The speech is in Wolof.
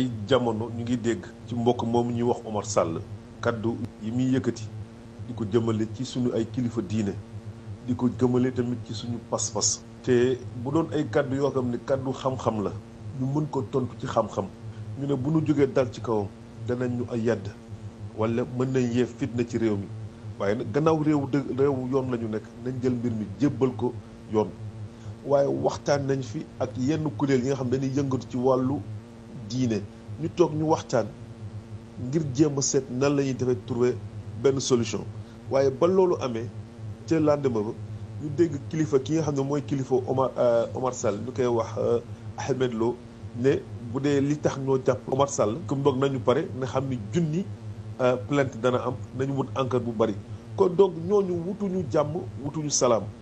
ay jamono ñu ngi dégg ci mbokk moom ñuy wax Omar Sall kàddu yi muy yëkkati di ko jëmale ci suñu ay kilifa diine di ko jëmale tamit ci suñu pas-pas te bu doon ay kàddu yoo xam ne kaddu xam-xam la ñu mën ko tontu ci xam-xam ñu ne bu nu jógee dal ci kawam danañ ñu ay yàdd wala mën nañ yee fitna ci réew mi waaye nag gannaaw réew dë réew yoon la ñu nekk nañ jël mbir mi jébbal ko yoon waaye waxtaan nañ fi ak yenn kuréel yi nga xam ne dañuy yëngatu ci wàllu diine ñu toog ñu waxtaan ngir jéem a seet nan lañuy ñuy defee trouver benn solution waaye ba loolu amee ca lendemain ba ñu dégg kilifa ki nga xam ne mooy kilifa Omar euh, Omar Sall ñu koy wax euh, Ahmed Lo ne bu dee li tax ñoo jàpp Omar Sall comme doog nañu pare na xam ni junni euh, plainte dana am nañu wut encadre bu bari kon donc ñooñu wutuñu jàmm wutuñu salaam